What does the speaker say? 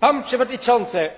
Pan Przewodniczący!